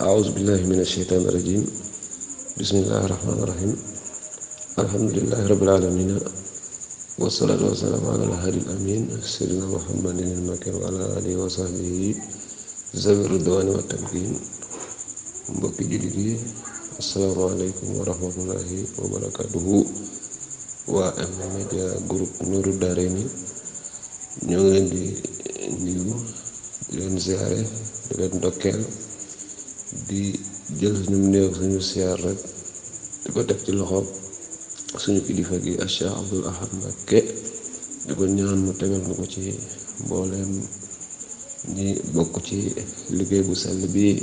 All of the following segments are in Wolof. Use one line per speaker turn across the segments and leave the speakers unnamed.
أعوذ بالله من الشيطان الرجيم بسم الله الرحمن الرحيم الحمد لله رب العالمين والصلاة والسلام على الهادي الأمين سيدنا محمد المكي وعلى آله وصحبه ذوي الرضوان والتمكين mbokki jullit yi asalaamaaleykum wa rahmatullahi wa barakatuhu waa M Media Group Nourou Darayni ñoo ngi leen di nuyu di leen ziare di leen ndokkeel di jël suñu néew suñu siyaar rek di ko teg ci loxo suñu kilifa gi ak Cheikh Abdoul Ahad Mbacké di ko ñaan mu tegal na ko ci mbooleem ñi bokk ci liggéey bu sell bi di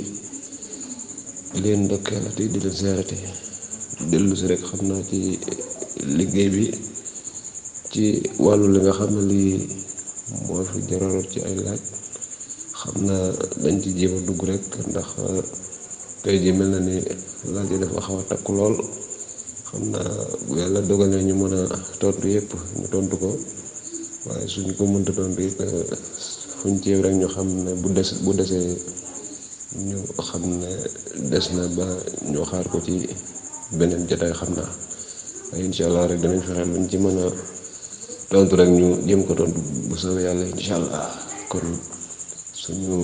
leen ndokkeelati di leen siyaarati dellu rek xam naa ci liggéey bi ci wàllu li nga xam ne lii moo fi jaraloot ci ay laaj xam na dañ ci jéem dugg rek ndax euh, tey ji mel na ni laaj yi dafa xaw a takku lool xam naa bu yàlla dogalee ñu mën a tontu yëpp ñu tontu ko waaye suñ ko mënta tontu euh, rek ñu xam ne bu des bu desee ñu ne des na ba ñu xaar ko ci beneen jotaay xam na waaye incha allah rek danañ fexe luñ ci mën a tontu rek ñu jëm ko tontu bu soobee yàlla incha allah kon. suñu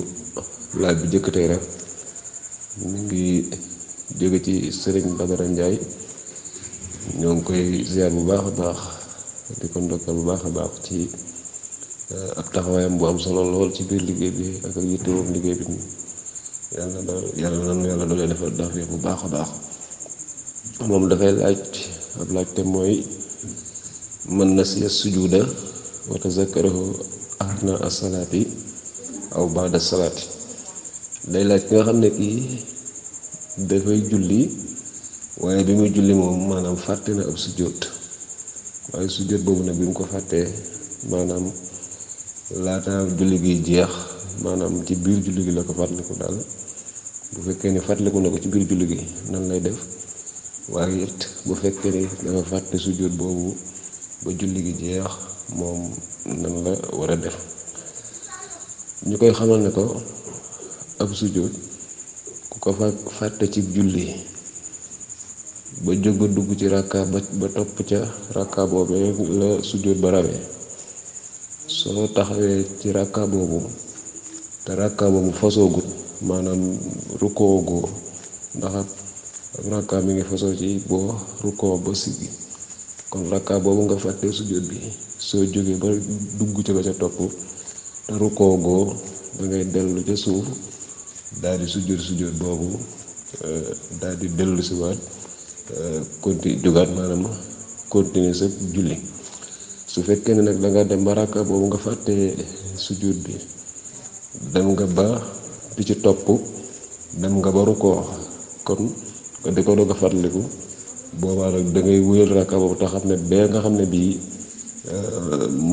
laaj bi jëkk rek mu ngi jóge ci sëriñ Badara njaay ñoo ngi koy ziar bu baax a baax di ko ndokkal bu baax a baax ci eh, ab taxawaayam bu am solo lool ci biir liggéey bi ak ak yittewoom liggéey bi yàlla yàlla na yàlla doole defal dafa bu baax a baax moom dafay laaj ab laaj te mooy man nasiya sujuuda wa tazakarahu ahna asalaati aw baada salaat day laaj ki nga xam ne kii dafay julli waaye bi muy julli moom maanaam fàtte na ab sujjóot waaye sujjóot boobu nag bi mu ko fàttee maanaam laataa julli gi jeex maanaam ci biir julli gi la ko fàttaliku daal bu fekkee ne fàttaliku na ko ci biir julli gi nan lay def waaye it bu fekkee ne dafa fàtte sujjóot boobu ba julli gi jeex moom nan la war a def ñu koy xamal ne ko ab sujjóot ku ko fa fàtte ci julli ba jóg ba dugg ci ràkka ba ba topp ca ràkka boobee la sujjóot ba rawee soo taxawee ci ràkka boobu te ràkka boobu fasoogut maanaam rukkoo goo ndax ab ràkka mi ngi fasoo ci boo rukkoo ba siggi kon ràkka boobu nga fàtte sujjóot bi soo jógee ba dugg ca la ca topp rukkoo goo dangay dellu ca suuf daal di sujjóot sujjóot boobu euh, dal di dellu si waat euh, continue jógaat maanaam continue sa julli su fekkee ne nag danga dem ba ràkka boobu nga fàtte sujjóot bi dem nga ba bi ci topp dem nga ba rukkoo kon di ko doog a fàttaliku boobaa nag dangay wéyal ràkka boobu te xam ne bee nga xam ne bii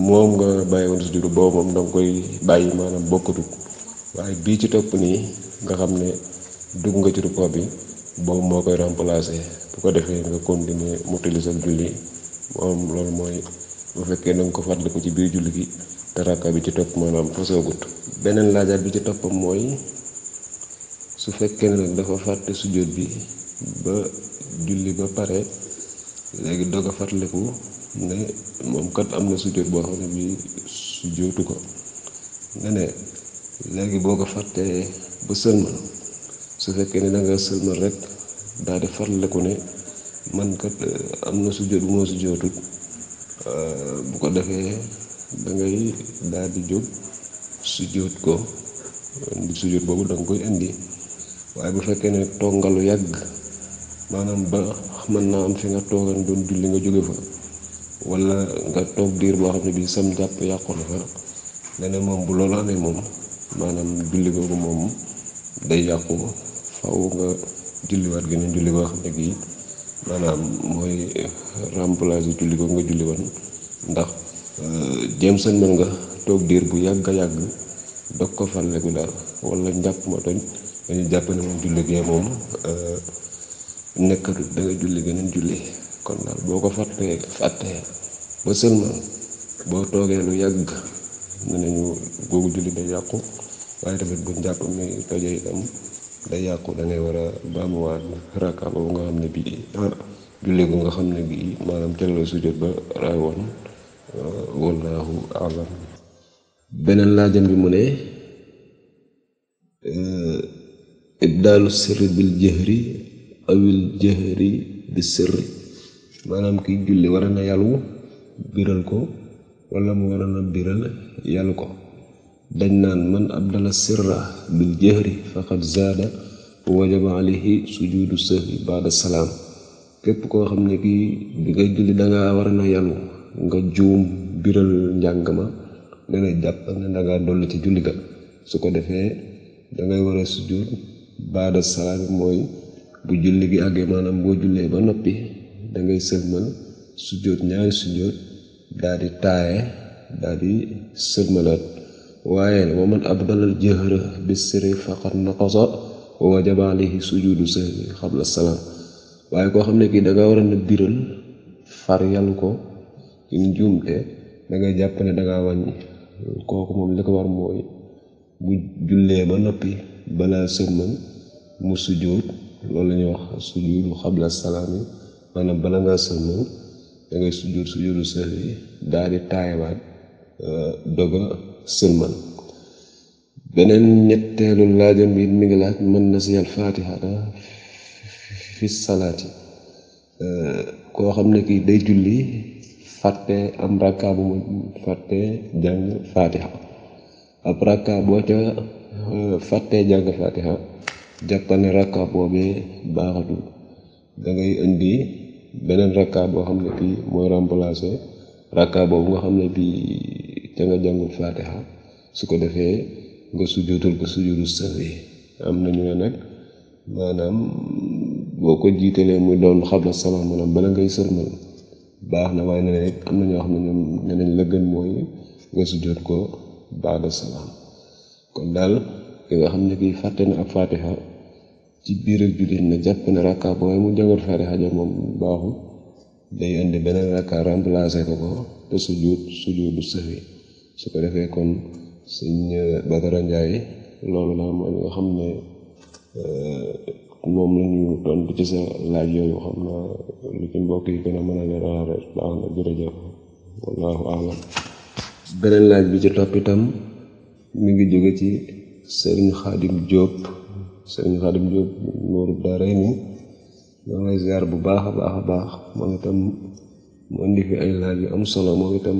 moom nga bàyyi woon si juddu boobu da nga bàyyi maanaam bokkatut waaye bii ci topp nii nga xam ne dugg nga ci rukkoo bi boobu moo koy remplacer bu ko defee nga continuer mu tëlli julli moom loolu mooy bu fekkee na ko fàttaliku ci biir julli gi te rakka bi ci topp maanaam fasoogut beneen laajaar bi ci toppam mooy su fekkee ne nag dafa fàtte sujjóot bi ba julli ba pare léegi doog a fàttaliku ne moom kat am na sutur boo xam ne bii su jootu ko nga ne léegi boo ko fàttee ba sëlma su fekkee ne da nga sëlmal rek daal di farleku ne man kat eh, am na su joot bu eh, moo su bu ko defee dangay ngay di jóg su joot ko su joot boobu da koy indi waaye bu fekkee ne toog lu yàgg maanaam ba mën naa am fi nga toogan doon julli nga jóge fa wala nga toog diir boo xam ne bii sam jàpp yàqu na fa nee moom bu loolu amee moom maanaam julli googu moom day yàqu faw nga julliwaat geneen julli boo xam ne gii maanaam mooy remplacé julli googu nga julli woon ndax euh, jéem sañ nga toog diir bu yàgg a yàgg dog ko fàlleku daal wala njàpp ma toj dañu jàpp ne julli gee moom euh, nekkatut da nga julli geneen julli kon daal boo ko fàttee fàttee ba seulement boo toogee lu yàgg ne nañu googu julli day yàqu waaye tamit bu njàpp mi tojee itam day yàqu da ngay war a baamuwaat raka boobu nga xam ne bii julli gu nga xam ne bii maanaam ca la sujjóot ba raay woon euh, wallaahu alam beneen laajam bi mu ne euh, ibdaalu sirri bil jëhri awil jëhri bi sirri maanaam kiy julli war na yàllu biral ko wala mu war na biral yàllu ko dañ naan man abdala sirra bil jahri faqad zaada wajaba alayhi sujudu sahwi baada salaam képp koo xam ne kii bi ngay julli danga war na yàllu nga juum biral njàng ma ne na jàpp ne danga dolli ci julli ga su ko defee dangay war a sujud baada salaam mooy bu julli gi àggee maanaam boo jullee ba noppi dangay ngay sëlmal sujjóot ñaari sujjóot daal di taaye daal sëlmalaat waaye wa man abdalal jëhra bi sirri faqat naqasa wa wajaba alayhi sujudu xabla salaam waaye koo xam ne kii da nga war na biral far yal ko ci njuumte da jàpp ne da wàññi kooku moom li ko war mooy bu jullee ba noppi balaa sëlmal mu sujjóot loolu lañuy wax sujudu xabla salaam yi maanaam bala ngaa sëlmal da ngay sujjóot sujjóotu daal di taayawaat euh, doga sëlmal beneen ñetteelu laajam bi mi ngi laaj mën na siyal fatihata fi salaati euh, koo xam ne kii day julli fàtte am rakka mu fàtte jàng fatiha ab rakka ca euh, fàtte jàng fatiha jàppal ne rakka baaxatul da indi beneen rakka boo xam ne bii mooy remplacer rakka boobu nga xam ne bii te nga jàngul faatiha su ko defee nga sujjóotul ko sujjóotu sahwi am nañu ne nag maanaam boo ko jiitalee muy doon xab xabla salaam maanaam bala ngay sërmal baax na waaye ne rek am na ñoo xam ne ñoom ñeneen la gën mooy nga sujjóot ko baada salaam kon daal ki nga xam ne kii fàtte na ak faatiha ci biir ak jullit na jàpp ne rakka booy mu jagor fatiha ja moom baaxul day indi beneen rakka remplacé te sujjuut sujjuut du sëfi su ko defee kon sëñ euh, Badara Ndiaye loolu la mooy xam ne euh, moom la ñu tontu ci sa laaj yooyu xam naa lu ci mbokk yi gën a mën a leeral rek baax na jërëjëf wallaahu alam beneen laaj bi ci topp itam mi ngi jóge ci sëriñ Xaadim Diop. sëriñ Xaadim Jóob Nuurud Daarayni ñoo ngay ziar bu baax a baax a baax moom itam mu indi fi ay laaj yu am solo moom itam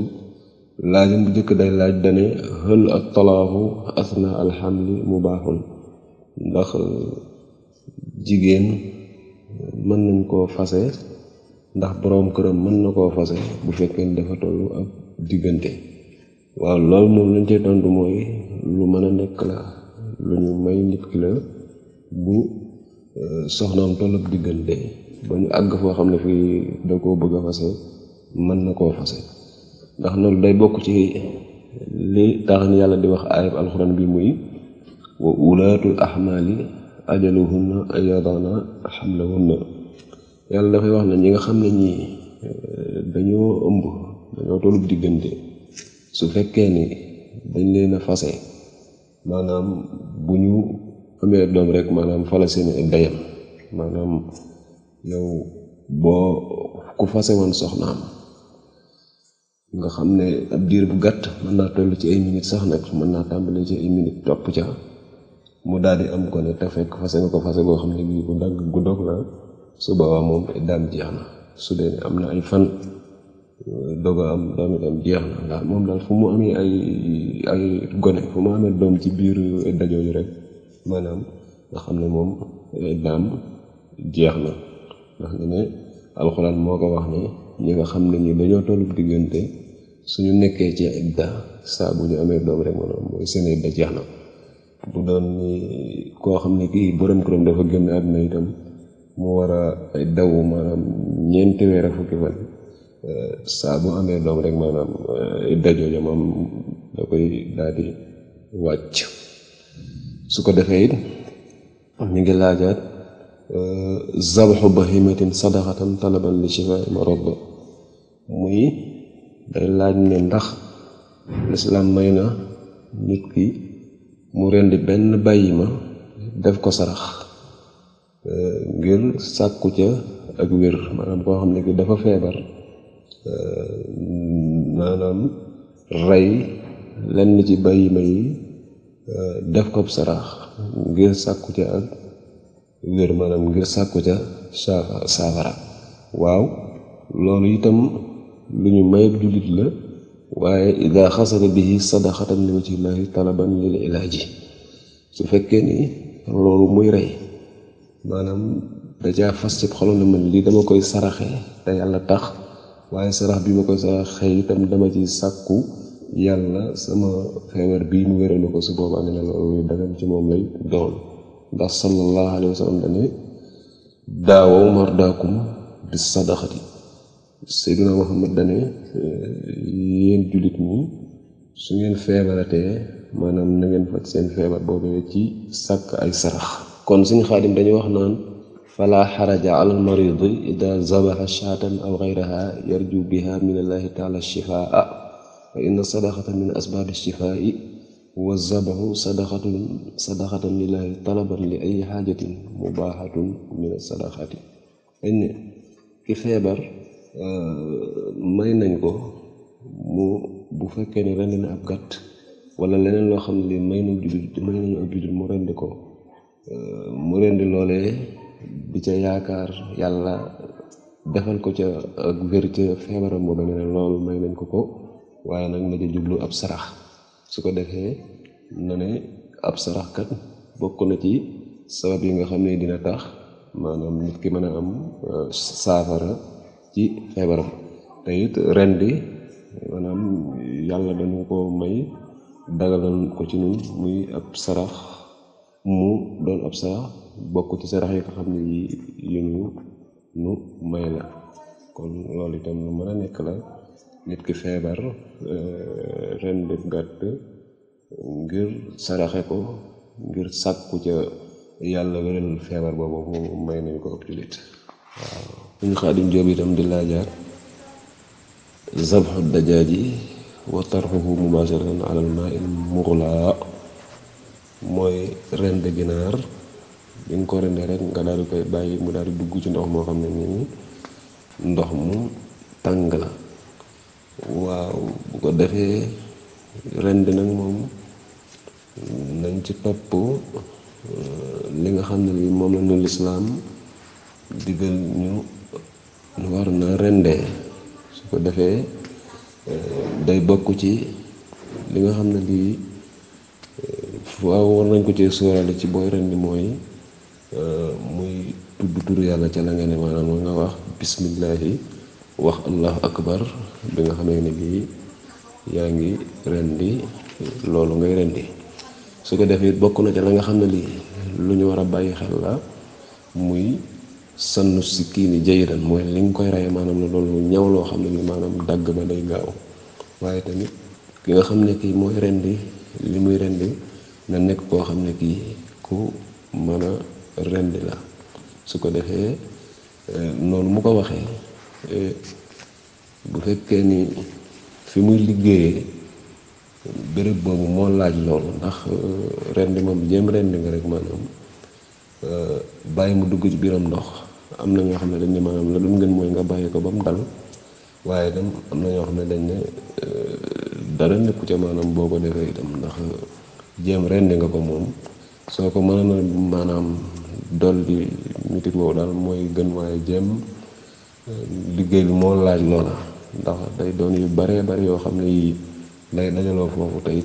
laajam bu njëkk day laaj dane hël ak talaaxu asna alxamli mu baaxul ndax euh, jigéen mën nañ koo fase ndax boroom këram mën na koo fase bu fekkee ne dafa tollu ak diggante waaw loolu moom lañ cay tontu mooy lu mën a nekk la lu ñu may nit ki la bu euh, soxnaam tollob diggante ba ñu àgg foo xam ne fii da koo bëgg a fase mën na koo fase ndax loolu day bokk ci li tax ni yàlla di wax ayab alxuraan bi muy wa ulaatul ahmaali ajaluhunna xam yadana xamlahunna yàlla dafay wax na ñi nga xam ne ñii euh, dañoo ëmb dañoo tollub diggante su fekkee ni dañ leen a fase maanaam bu ñu amee doom rek maanaam fa la seen dayam maanaam yow boo ku fase woon soxnaam nga xam ne ab diir bu gàtt mën naa toll ci ay minutes sax nag mën naa tàmbalee ci ay minutes topp ca mu daal di am ko ne te fekk fase nga ko fase boo xam ne bii bu dagg gu dog la su boobaa moom jeex na su dee am na ay fan doog am doom na ndax moom daal fu mu amee ay gone fu mu amee doom ci biir dajooju rek maanaam nga xam ne moom daam jeex na ndax ne alxuraan moo ko wax ni ñi nga xam ne ñi dañoo tollu diggante suñu nekkee ci idda saa ñu amee doom rek maanaam mooy jeex na bu koo xam ne kii borom këram dafa génn àdduna itam mu war a daw maanaam ñeenti weer ak fukki fan saa bu amee doom rek maanaam idda jooja moom da koy daal wàcc su ko defee it ñu ngi laajaat euh, zabaxu bahimatin sadaxatan talaban li shifa marad muy day laaj ne ndax lislaam may na nit ki mu rend benn bàyyima def ko sarax euh, ngir sàkku ca ak wér maanaam koo xam ne ki dafa feebar euh, maanaam rey lenn ci bàyyima yi def ko saraax ngir sàkku ca ak wér maanaam ngir sàkku ca saafara waaw loolu itam lu ñu mayab jullit la waaye ida xasada bihi sadaxatan li wajhillahi talaban lil ilaaji su fekkee ni loolu muy rey maanaam dajaa fas ci xolam ne man lii dama koy saraxe te yàlla tax waaye sarax bi ma koy saraxe itam dama ci sàkku yàlla sama feebar bii mu wéral ma ko su boobaa ne loolu dagan ci moom lay doon ndax sallallahu alayhi wa sallam dane daawaw mardaakum bi sadaxati seyduna muhammad dane ngeen feebaratee maanaam na ngeen faj seen feebar boobee ci sàkk ay sarax kon suñu xaadim dañuy wax naan fala xaraja ala almaridi ida zabaxa shaatan aw gayraha yarju biha min allahi shifaa fa inna sadaqata min asbaabi shifaa'i wa zabahu sadaqatun sadaqatan lillahi talaban li ay xaajatin mubaaxatun min sadaqati dañ ne ki feebar may nañ ko mu bu fekkee ne rendi na ab gàtt wala leneen loo xam ne may nañu jullit may nañu ab jullit mu rendi ko mu rendi loolee di ca yaakaar yàlla defal ko ca ak wér ca feebaram boobu ne loolu may nañ ko ko waaye nag na jublu ab sarax su ko defee na ne ab sarax kat bokk na ci sabab yi nga xam ne dina tax maanaam nit ki mën a am euh, saafara ci feebaram te it ren di maanaam yàlla dañu ko may dagalal ko ci ñun muy ab sarax mu doon ab sarax bokk ci sarax yi nga xam ne yi yu nu may la kon loolu itam lu mën a nekk la nit ki feebar euh, ren def ngir saraxe ko ngir sàkku ca yàlla wéral feebar boobu mu may nañ ko ab jullit waaw suñu xaadim jóob itam di laajaat zabxu dajaaji wa tarxuhu mubaasharatan alal maa il muxlaa mooy rend ginaar bi nga ko rendee rek nga daal di koy bàyyi mu daal di dugg ci ndox moo xam ne nii ndox mu tàng la waaw bu ko defee ren bi nag moom nañ ci topp euh, li nga xam ne lii moom la ñu lislaam digal ñu ñu war na rendee su ko defee euh, day bokk ci li nga xam ne lii euh, waaw war nañ ko ci sóoraale ci booy rendi mooy muy tudd tur yàlla ca la nga ne maanaam nga wax bismillaahi wax allahu akbar bi nga xamee ne bii yaa ngi rendi loolu ngay rendi su ko defee bokk na ca la nga xam ne lii lu ñu war a bàyyi xel la muy sannu si kii ni jayran mooy li nga koy reye maanaam la loolu ñaw loo xam ne ni maanaam dagg ba day gaaw waaye tamit ki nga xam ne kii mooy rendi li muy rendi na nekk koo xam ne kii ku mën a rendi la su ko defee eh, noonu mu ko waxee bu fekkee ni fi muy liggéeyee béréb boobu moo laaj loolu ndax euh, rendi moom jéem rendi nga rek maanaam euh, bàyyi mu dugg ci biiram ndox am na ñoo xam ne dañ ne maanaam la doon gën mooy nga bàyyi ko ba mu dal waaye itam am na ñoo xam ne dañ ne euh, dara nekku ca maanaam boo ko defee itam ndax jéem rendi nga ko moom soo ko mënoon maanaam dolli metit woowu daal mooy gën waaye jéem liggéey lu moo laaj loolu ndax day doon yu baree bari yoo xam ne yii day dajaloo foofu tey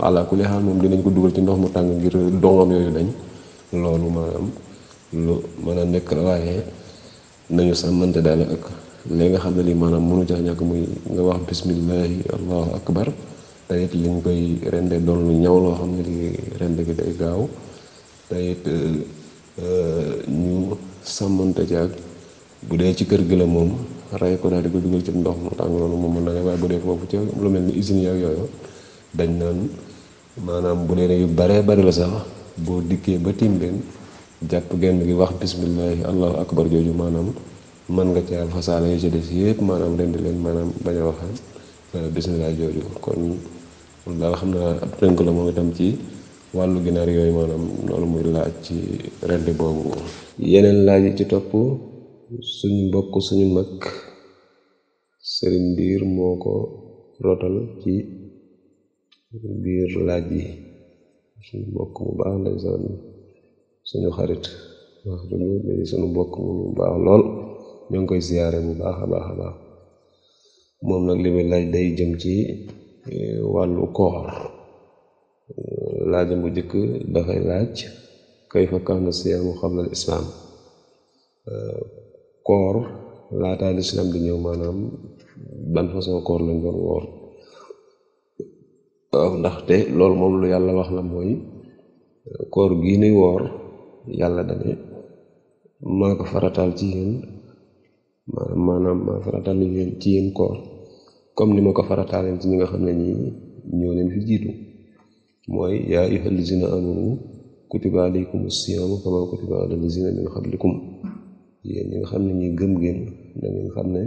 àlla kulli xaal moom dinañ ko dugal ci ndox mu tàng ngir dongam yooyu dañ loolu maanaam lu mën a nekk la waaye nañu sàmmante daal ak li nga xam ne lii maanaam mënu caa ñàkk muy nga wax bismillahi allahu akbar te it liñ koy rende doon lu ñaw loo xam ne lii rende gi day gaaw te euh, ñu sàmmante ci ak bu dee ci kër gi la moom rey ko daal di ko dugal ci ndox mu tàng loolu moom mën na ne waaye bu dee foofu ci lu mel ni usine yooyu yooyu dañ naan maanaam bu dee ne yu baree bari la sax boo dikkee ba tiim leen jàpp genn gi wax bismillahi allahu akbar jooju maanaam mën nga caa fasaale yu ci des yépp maanaam rendi leen maanaam bañ a waxaan bismillah jooju kon daal xam naa ab tënk la moom itam ci wàllu ginaar yooyu maanaam loolu muy laaj ci rendi boobu yeneen laaj yi suñu mbokk suñu mag sëriñ biir moo ko rotal ci biir laaj yi suñu mbokk mu baax ndeysaan suñu xarit wax dëgg day suñu mbokk mu baax lool ñoo ngi koy siyaare bu baax a baax a baax moom nag li muy laaj day jëm ci e, wàllu koor laajam bu jëkk dafay laaj kayfa kaana siyaamu qabla al islaam koor laataa lislaam di ñëw maanaam ban façon koor lañ doon woor waaw ndaxte loolu moom lu yàlla wax la mooy koor gi nuy woor yàlla dane maa ko farataal ci yéen maanaam maa farataal ci yéen koor comme ni ma ko farataaleen ci ñi nga xam ne ñi ñoo leen fi jiitu mooy yaa ayyuhal lazina amanu kutiba alaykumus siyaamu kama kutiba alal lazina min qablikum yéen ñi nga xam ne ñuy gëm ngeen da ngeen xam ne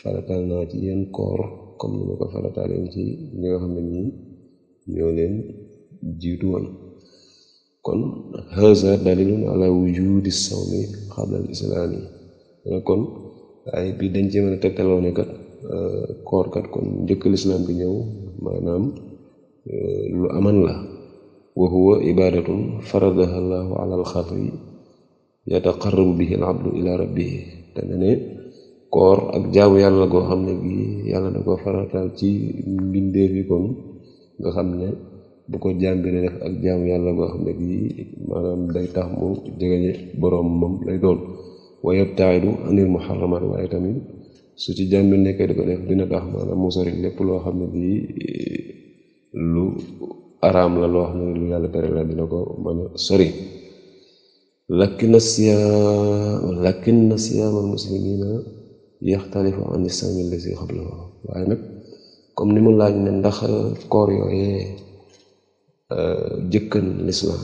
farataal naa ci yéen koor comme ni ma ko farataal yéen ci ñi xam ne ñii ñoo leen jiitu woon kon haza dalilun ala wujudi sawmi qabla al islaam yi kon ay bi dañ ci mën a tegtaloo ne kat euh, koor kat kon njëkk lislaam bi ñëw maanaam euh, lu aman la wa huwa ibadatun faradaha llahu ala al yataqarrabu bihi al abdu ila rabbih te ne ne koor ak jaamu yàlla goo xam ne gi yàlla da ko farataal ci mbindeef kon nga xam ne bu ko jaam bi def ak jaamu yàlla goo xam ne gi maanaam day tax mu jegeñe boroom moom lay doon wa yabtaidu anil muharramat waaye tamit su ci jaam bi nekk di ko def dina tax maanaam mu sori lépp loo xam ne gi lu araam la loo xam ne lu yàlla tere la dina ko mën a sori lakin siyaam lakin siyaamal muslimina yaxtalifu an siyaami lazi xablahu waaye nag comme ni mu laaj ne ndax koor yooyee euh, jëkkan lislaam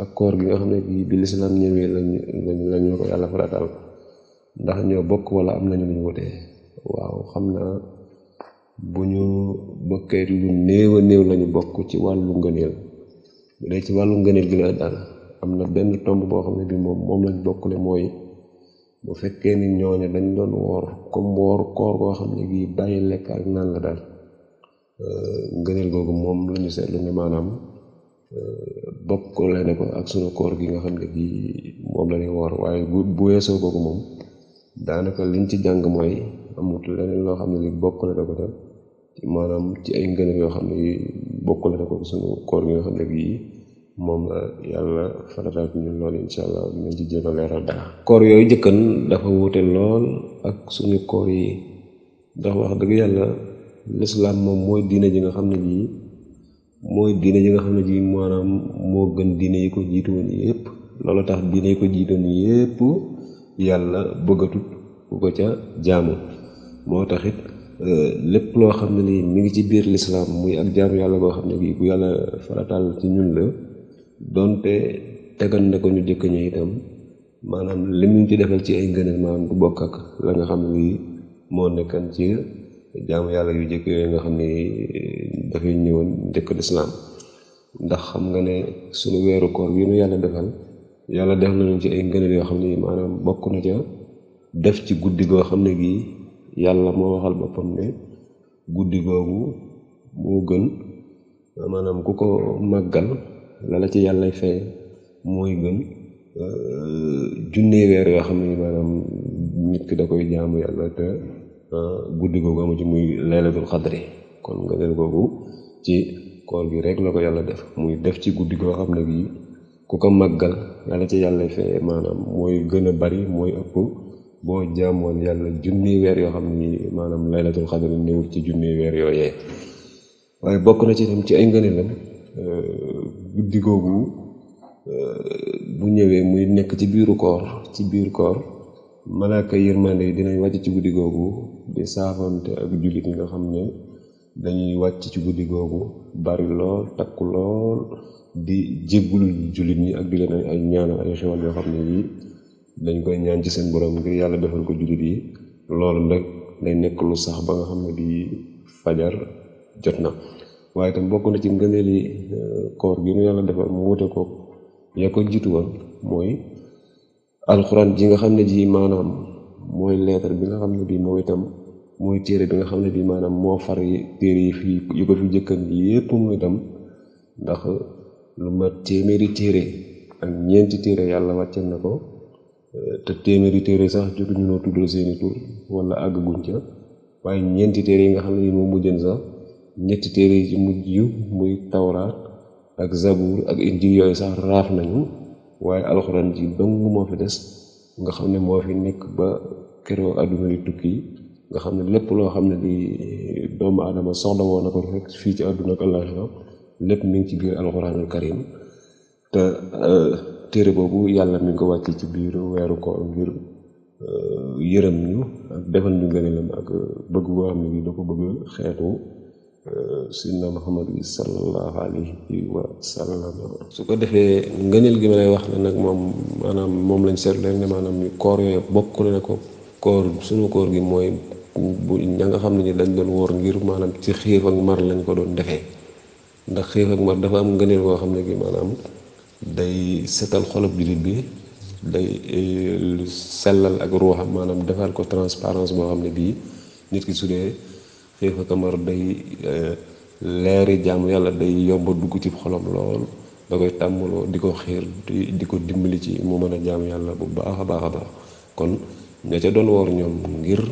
ak koor gi nga xam ne bii bi lislaam ñëwee lañu lañu ko yàlla farataal ndax ñoo bokk wala am nañu lu ñu wutee waaw xam naa bu ñu bokkee lu néew néew lañu bokk ci wàllu ngëneel bu dee ci wàllu ngëneel gi la daal am na benn tomb boo xam ne bii moom moom lañu bokkule mooy bu fekkee ni ñooñu dañ doon woor comme wooru koor goo xam ne gii bàyyi lekk ak naan la daal euh, ngëneel googu moom la ñu seetlu ne maanaam euh, bokkule ne ko ak sunu koor gi nga xam ne gii moom la ñuy woor bu weesoo kooku daanaka liñ ci jàng mooy amut leneen loo xam ne li bokkule ne ko maanaam ci ay ngëneel yoo xam ne bokkule ne ko sunu koor gi moom la euh, yàlla farataal ci ñun loolu incha allah dinañ ci jéem a leeral dara. koor yooyu jëkkan dafa wuute lool ak suñu koor yi ndax wax dëgg yàlla lislaam moom mooy diine ji nga xam ne jii mooy diine ji nga xam ne jii maanaam moo gën diine yi ko jiitu woon yépp loolu tax diine yi ko jiitu woon yépp yàlla bëggatut ku ko ca jaamu moo tax it euh, lépp loo xam ne lii mu ngi ci biir lislaam muy ak jaamu yàlla koo xam ne gi ku yàlla farataal ci ñun la donte tegal na ko ñu jëkk ñi itam maanaam li mu ci defal ci ay ngëneel maanaam du bokk ak la nga xam ne moo nekkan ci jaamu yàlla yu jëkk yooyu nga xam ne dafay ñëwoon njëkk lislaam ndax xam nga ne suñu weeru koor yu nu yàlla defal yàlla def na nañu ci ay ngëneel yoo xam ne maanaam bokk na ca def ci guddi goo xam ne gii yàlla moo waxal boppam ne guddi googu moo gën maanaam ku ko màggal la la ci yàlla fay mooy gën euh, junne weer yoo xam ne maanaam nit ki da koy jaamu yàlla euh, guddi googu amu ci muy laylatul kon googu ci koor gi rek la ko yàlla def muy def ci guddi goo xam ne bii ku ko ci yàlla fay mooy gën a bari mooy ëpp boo jaamoon yàlla weer yoo xam ni maanaam laylatul xadri néewul ci junni weer yooyee waaye bokk na ci itam ci ay ngëneelam euh, guddi googu eh, bu ñëwee muy nekk ci biiru koor ci biir koor malaaka yërmande yi dinañ wàcc ci guddi googu di saafante ak jullit yi nga xam ne dañuy wàcc ci guddi googu bari lool takku lool di jéggul jullit yi ak di leen ay ñaanal ay xewal yoo xam ne yii dañ koy ñaan ci seen borom ngir yàlla defal ko jullit yi loolu nag day nekk lu sax ba nga xam ne di fajar jot na waaye tam bokk na ci ngëneeli euh, koor gi nu yàlla defal mu wute ko yaa ko jiitu woon mooy alxuraan ji nga xam ne ji maanaam mooy lettre bi nga xam ne bii moom itam mooy téere bi nga xam ne bii maanaam moo far téere yi fi yi ko fi jëkkan yépp mooy itam ndax lu mat téeméeri téere ak ñeenti téere yàlla wàcce na ko euh, te téeméeri téere sax jotuñu noo tuddal seeni tur wala àgg guñ ca waaye ñeenti téere yi nga xam ne bii moom mujjën sax ñetti téere yi mujj yu muy tawraat ak zabuur ak injil yooyu sax raaf nañu waaye alxuraan ji dong moo fi des nga xam ne moo fi nekk ba keroo àdduna nga xam ne lépp loo xam ne di doomu aadama soxla woon na ko fii ci àdduna ak àllaaxira lépp mi ngi ci biir alxuraanul karim te euh, téere boobu yàlla mi ngi ko wàccee ci biir weeru ko ngir euh, yërëm ñu ak defal ñu ngëneelam ak bëgg boo xam ne ko bëgg xeetu sidna muhammad bi sallallahu alayhi wa sallam su ko defee ngëneel gi ma lay wax ne nag moom maanaam moom lañ seetlu rek ne maanaam koor yooyu bokk na ne ko koor sunu koor gi mooy bu ña xam ne ni dañ doon woor ngir maanaam ci xiif ak mar lañ ko doon defee ndax xiif ak mar dafa am ngëneel goo xam ne gi maanaam day setal xolub jullit bi day eh, sellal ak ruuxam maanaam defal ko transparence boo xam ne bii nit ki su dee xiifa kamar day eh, leeri jàmm yàlla day yomba dugg ci xolam lool da koy tàmmaloo di ko xiir di ko dimbali ci mu mën a jaamu yàlla bu baax a baax a baax kon ña ca doon woor ñoom ngir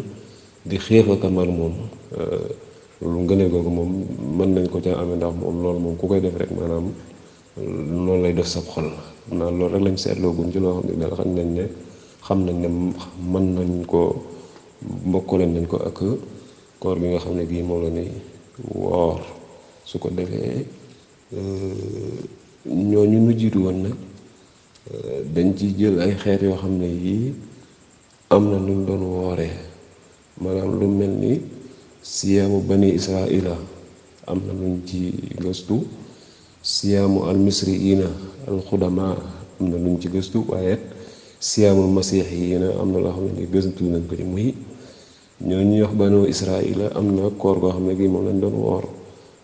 di xiifa kamar moom eh, lu ngëneel googu moom mën nañ ko ca amee ndax moom loolu moom ku koy def rek maanaam loolu lay def sab xol naa loolu rek lañ ci loo xam ne xam nañ ne xam nañ ne mën nañ ko mbokkale nañ ko ak koor bi nga xam ne bii moom la ñuy woor su ko defee euh, ñooñu nu jiitu woon nag euh, dañ ci jël ay xeet yoo xam ne yii am na luñ doon wooree maanaam lu mel ni siyaamu bani israila am na luñ ci gëstu siyaamu almisriina alxudama am na luñ ci gëstu waaye siyaamul masiix yi na am na loo xam ne gëstu nañ ko ci muy ñoo ñuy wax banu israila am na koor goo xam ne gi moom lañ doon woor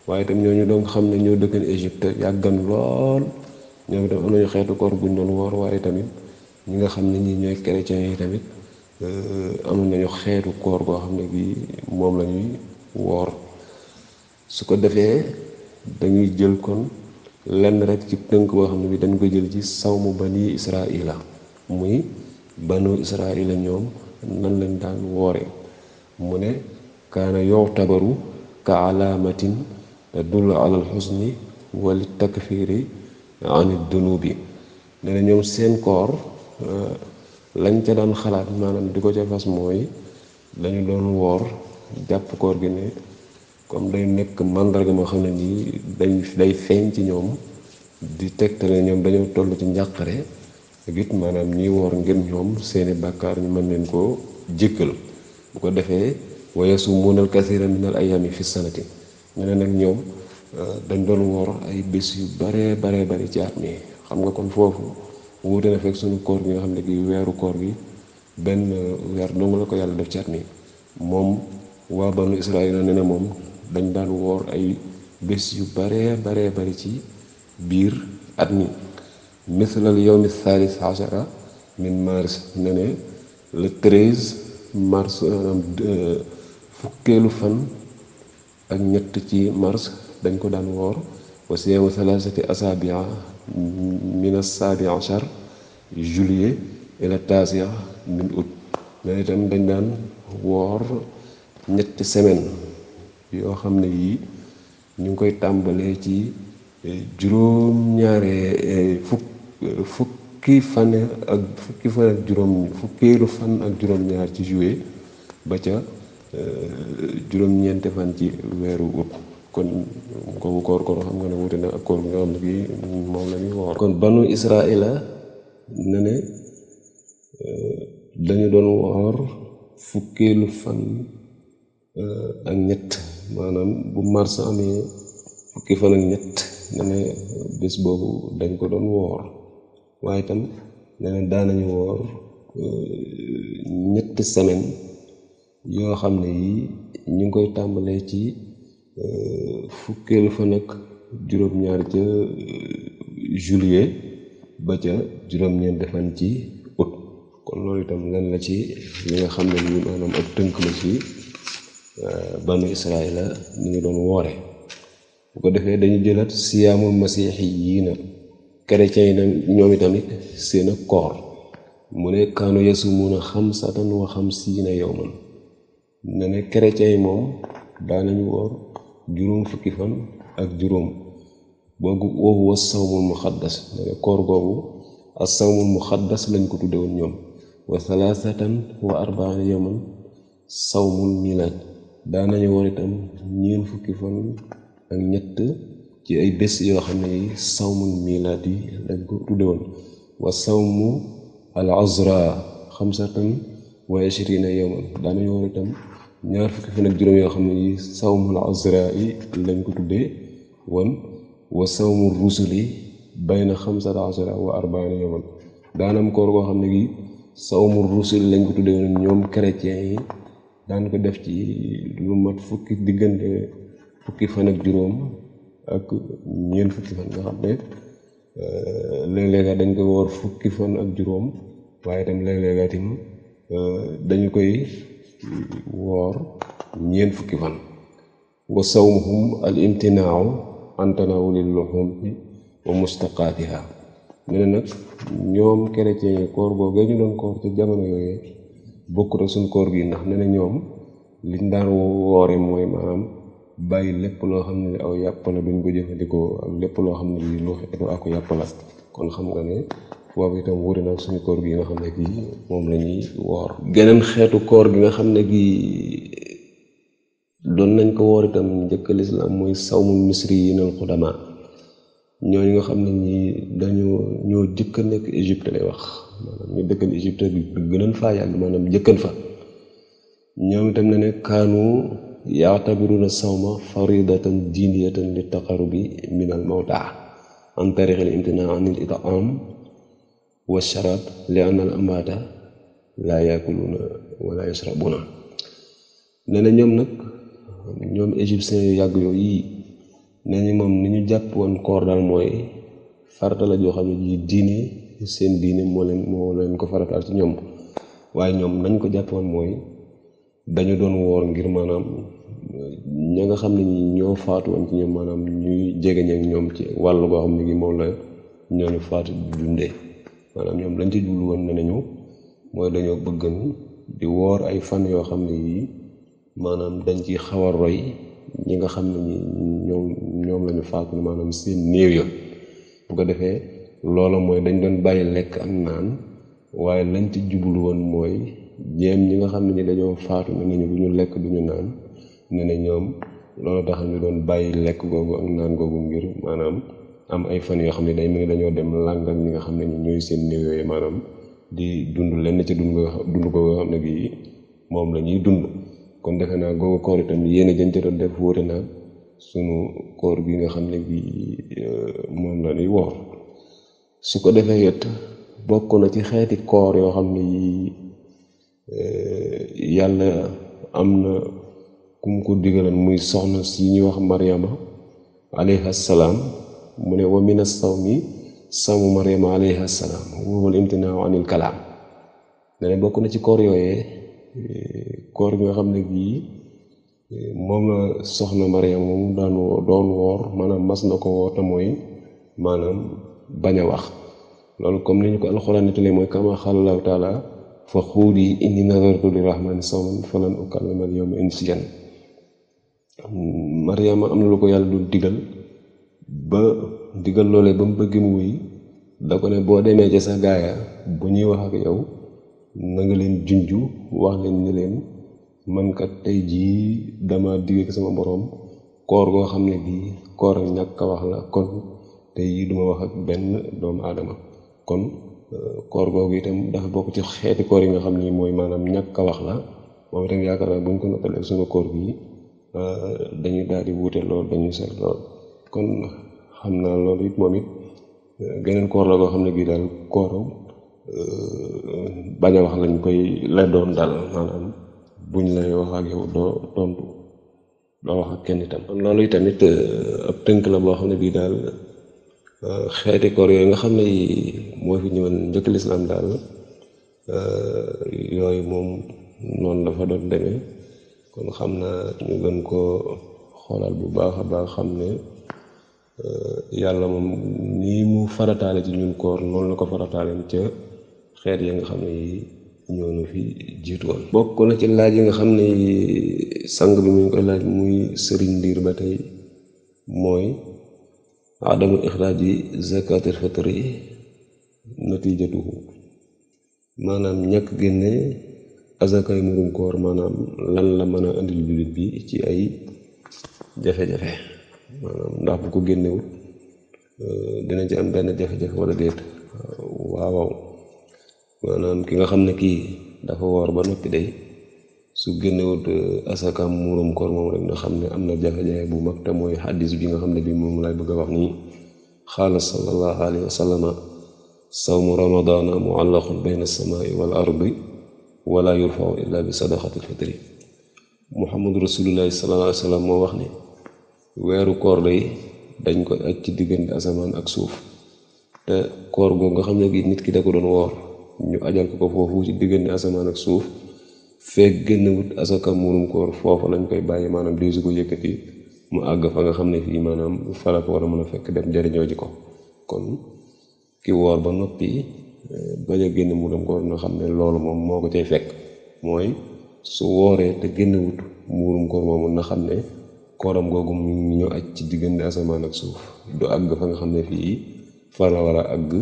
waaye itam ñooñu doon xam ne ñoo dëkkan Égypte yàggan lool ñoom itam am nañu xeetu koor buñ doon woor waaye tamit ñi nga xam ne ñi ñooy chrétiens yi tamit euh, amoon nañu xeetu koor goo xam ne gi moom la woor su ko defee dañuy jël kon lenn rek ci tënk boo xam ne bi dañ ko jël ci saw sawmu bani israila muy banu israila ñoom nan lañ daan wooree mu ne kaana yu'tabaru ka alaamatin tadullu ala alxusni wal takfiri an dunubi nee na ñoom seen koor eh, lañ ca daan xalaat maanaam di ko ca fas mooy dañu doon woor jàpp koor gi ne comme day nekk màndarga moo xam ne nii dañ day feeñ ci ñoom di tegtale ñoom dañoo toll ci njàqare ak it maanaam ñiy woor ngir ñoom seeni bàkkaar ñu mën leen koo jéggal bu ko defee wa yasumuuna al kasiira min al ayaami fi sanati ñu ne nag ñoom euh, dañ doon woor ay bés yu baree baree bari ci at mi xam nga kon foofu wuute na fekk suñu koor gi nga xam ne gi weeru koor gi benn weer dong la ko yàlla def ci at mi moom waa banu israila ne moom dañ daan woor ay bés yu baree baree bari ci biir at mi mislal yawmi thalis ashara min mars ne ne le mars euh, fukkeelu fan ak ñett ci mars dañ ko daan woor wa siyaamu thalathati asaabia min assaabi achar juillet ila taasia min août mais itam dañ daan woor ñetti semaine yoo xam ne yii ñu ngi koy tàmbalee ci eh, juróom ñaare eh, fukk eh, fukk fukki fan ak fukki fan ak juróom fukkeelu ba ca euh, juróom fan ci weeru ut kon ak koor nga xam ne kii moom banu israila ne euh, dañu doon woor fukkeelu fan euh, ak ñett maanaam bu mars amee fukki fan ak ñett ne ne boobu dañ ko doon woor waaye itam nee na daanañu woor euh, ñetti semaine yoo xam ne yi ñu ngi koy tàmbalee ci euh, fukkeelu fan ak juróom-ñaar ca euh, juillet ba ca juróom-ñeent fan ci août kon loolu itam len la ci li xam ne nii maanaam ak tënk la ci banu israila la ñu doon woore bu ko defee dañu jëlaat siyaamul masiix yi na chrétiens yi nag ñoom itamit seen ak koor mu ne kaanu yasumuuna xamsatan wa xamsiina yawman ne ne chrétiens yi moom daanañu woor juróom fukki fan ak juróom boogu woowu was sawmul muxaddas ne ne koor googu as sawmul muxaddas lañ ko tudde woon ñoom wa salaasatan wa arbaana yawman sawmul milaad daanañu woor itam ñeen fukki fan ak ñett ci ay bés yoo xam ne sawmul milaadi lañ ko tuddewoon wa sawmu al azra xamsatan wa ishrina yowman daana yoon itam ñaar fukki fan ak juróom yoo xam ne yi sawmul azra yi lañ ko tuddee woon wa sawmu rusuli bayna xamsata azra wa arbaana yowman daanam koor koo xam ne gi sawmu rusul lañ ko tuddee woon ñoom chrétien yi daan ko def ci lu mat fukki diggante fukki fan ak juróom ak ñeent fukki fan nga xam ne euh, léeg-léega dañ koy woor fukki fan ak juróom waaye itam léeg euh, dañu koy woor ñeent fukki fan wa sawmuhum al imtinaaw an tanaawuli luxumi wa mustaqaatiha ne na nag ñoom chrétien yi koor googee ñu doon koor ca jamono yooyee bokkut suñ koor gi ndax ne na ñoom liñ daan woore mooy maanaam bàyyi lépp loo xam ne aw yàpp la duñ ko jëfandikoo ak lépp loo xam ne lii lu ak yàpp la kon xam nga ne boobu itam wuute nag suñu koor gi nga xam ne moom la woor geneen xeetu koor gi nga xam ne gii doon nañ ko woor itam njëkk lislaam mooy sawmul misri yi nal xudama ñooñu nga xam ne ñi dañoo ñoo jëkka nekk Égypte lay wax maanaam ñu dëkkan Égypte bi gënoon faa yàgg maanaam jëkkan fa ñoom itam ne ne kaanu yaatabiruuna sawma faridatan diiniyatan li taqarubi min al mawta an tariq al imtina an al itaam wa sharaab li an al laa yaakuluuna wala yashrabuuna nee na ñoom nag ñoom égyptiens yu yàgg yooyu yi nee moom ni ñu jàpp woon koor daal mooy farata la joo xam ne ji diine seen diine moo leen moo leen ko farataal ci ñoom waaye ñoom nañ ko jàpp woon mooy dañu doon woor ngir maanaam ña nga xam ne ñi ñoo faatu woon ci ñoom maanaam ñuy jegeñ ak ñoom ci wàll goo xam ne gi moom la ñooñu faatu dundee maanaam ñoom lañ ci jublu woon ne mooy dañoo bëggan di woor ay fan yoo xam ne yii dañ ci xaw a ñi nga xam ñoom ñoom la ñu faatu maanaam seen néew ya bu ko defee loolo mooy dañ doon bàyyi lekk am naan waaye lañ ci jublu woon mooy jéem ñi nga xam ne ñi dañoo faatu ne nañu du ñu lekk du ñu naan ne na ñoom loolu tax ñu doon bàyyi lekk googu ak naan googu ngir maanaam am ay fan yoo xam ne day mel ni dañoo dem làng ak ñi nga xam ne ñu ñooy seen néew yooyu maanaam di dund lenn ci dund dund ko xam ne gii moom la ñuy dund kon defe naa googu koor itam yéen a jën ca doon def wóote naa gi nga xam ne gi euh, moom la ñuy woor su ko defee it bokk na ci xeeti koor yoo xam ne yi euh, yàlla am na ku mu ko muy soxna si ñuy wax mariama alayha salaam mu ne wa min as-sawmi sawmu mariama alayha salaam wowal ne ne bokk na ci koor yooyee koor bi nga ne bii moom la soxna mariama moom daan doon woor maanaam mas na ko woor te mooy maanaam bañ wax loolu comme ni ñu ko alxuraan nettalee mooy kama a Allahu taala fa xuuli inni nadartu li rahmaani sawman falan ukallima al yawma insiyan Mariama am na lu ko yàlla doon digal ba digal loole ba mu bëgg mu wuy da ko ne boo demee ca sa gaaya bu ñuy wax ak yow na nga leen junju wax leen ne leen man kat tey jii dama digg ak sama boroom koor goo xam ne bii koor ak ñàkk ka wax la kon tey jii duma wax ak benn doomu aadama kon euh, koor googu itam dafa bokk ci xeeti koor yi nga xam ne mooy maanaam ñàkk ka wax la moom itam yaakaar naa bu ñu ko noppalee ak suñu koor gii Euh, dañuy daal di wuute lool dañuy seet lool kon xam naa loolu it moom it euh, geneen koor la goo xam ne gii daal kooru euh, bañ a wax lañ koy la doon daal maanaam buñ lay wax yow doo tontu doo wax ak kenn itam. loolu itamit ab tënk la boo xam ne bii daal xeeti koor yooyu nga xam ne moo fi ñëwoon njëkk lislaam daal yooyu moom noonu dafa doon demee. kon xam naa ñu gën koo xoolal bu baax a baax xam ne euh, yàlla moom nii mu farataale ci ñun koor noonu la ko farataale ca xeet yi nga xam ne yi ñoo ñu fi jiitu bokk na ci laaj yi nga xam ne sang bi mu ngi koy laaj muy sëriñ ndiir ba tey mooy adamu ixraaj yi zakatil fitri yi natiijatuhu maanaam ñàkk génne azakay murum koor maanaam lan la mën a indi jullit bi ci ay jafe-jafe maanaam ndax bu ko génnewut euh, dina ci am benn jafe-jafe wala déet euh, waaw maanaam ki nga xam ne kii dafa woor ba noppi day su génnewut euh, asakam murum koor moom rek nga xam ne am na jafe-jafe bu mag te mooy xaddis bi nga xam ne bi moom lay bëgg a wax nii xaala sallallahu alayhi wa sallama sawmu ramadaana muallaqun bayna samaai wal ardi wala yurfaw illa bi sadaqatil fitri muhammadu rasulullahi sallallahu alayhi wa sallam moo wax ne weeru koor day dañ ko aj ci diggante asamaan ak suuf te koor googu nga xam ne gi nit ki da ko doon woor ñu ajal ko ko foofu ci diggante asamaan ak suuf feek génn wut asaka murum koor foofu lañ koy bàyyi maanaam diisu ko yëkkati mu àgg fa nga xam ne fii maanaam fa la war a mën a fekk dem jariñoo ji ko kon ki woor ba noppi bañ a génn muuram ko na xam ne loolu moom moo ko cay fekk mooy su wooree te génnewut muurum koor moomu na xam ne kooram googu mu ñu aj ci diggante asamaan ak suuf du ag fa nga xam ne fii fa la war a àgg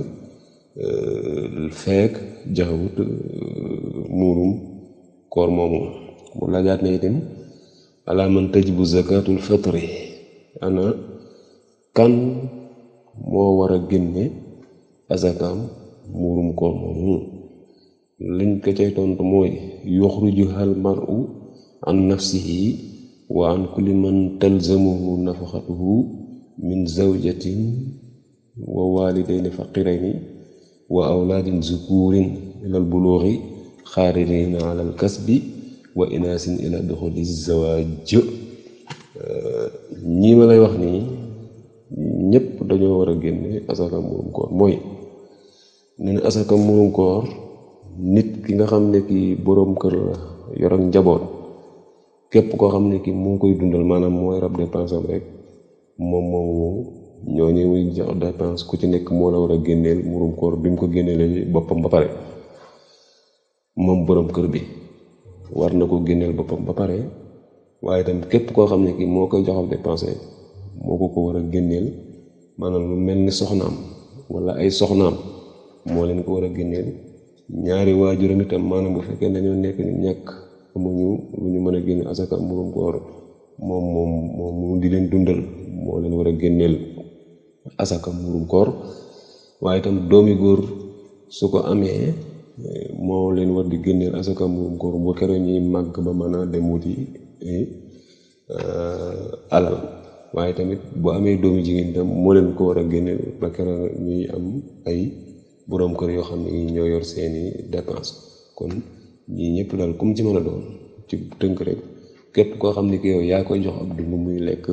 euh, feek joxewut euh, muurum koor moomu mu laajaat na itam alaa man tajibu zakatul fitri ana kan moo war a génne azakam muurum koor moomu liñ ko cay tontu mooy yuxrijuhal mar'u an nafsihi wa an kulli man talzamuhu nafaqatuhu min zawjatin wa walidayni faqirayni wa awlaadin zukurin ilal buluuxi xaadirina alal kasbi wa inaasin ila duxuli zawaaj ñii ma lay wax nii ñépp dañoo war a génne asaka muurum koor mooy nee na asaka murum koor nit ki nga xam ne kii boroom kër la yoroon njaboot képp koo xam ne kii mu ngi koy dundal maanaam mooy rab dépense rek moom moomu ñooñu ku ci nekk moo war a génneel murum koor bi mu ko génneelee boppam ba pare moom boroom kër bi war na ko génneel boppam ba pare waaye itam képp koo xam ne ki moo koy joxam dépense moo ko ko war a génneel maanaam lu mel ni soxnaam walla ay soxnaam moo leen ko war a génneel ñaari waajur a ngi tam maanaam bu fekkee dañoo nekk ñu ñàkk amuñu ñu mën a génne asaka mburum koor moom moom moom di leen dundal moo leen war a génneel asaka mburum koor waaye itam doomi góor ko amee moo leen war di génneel asaka mburum koor bu keroog ñuy màgg ba mën a dem wuti eh, alal waaye tamit bu amee doomi jigéen tam moo leen ko war a génneel ba keroog ñuy am ay boroom kër yoo xam ne ñoo yor seeni dépense kon ñii ñëpp daal kum ci mën a doon ci tënk rek képp koo xam ne ki yow yaa koy jox ak dund muy lekk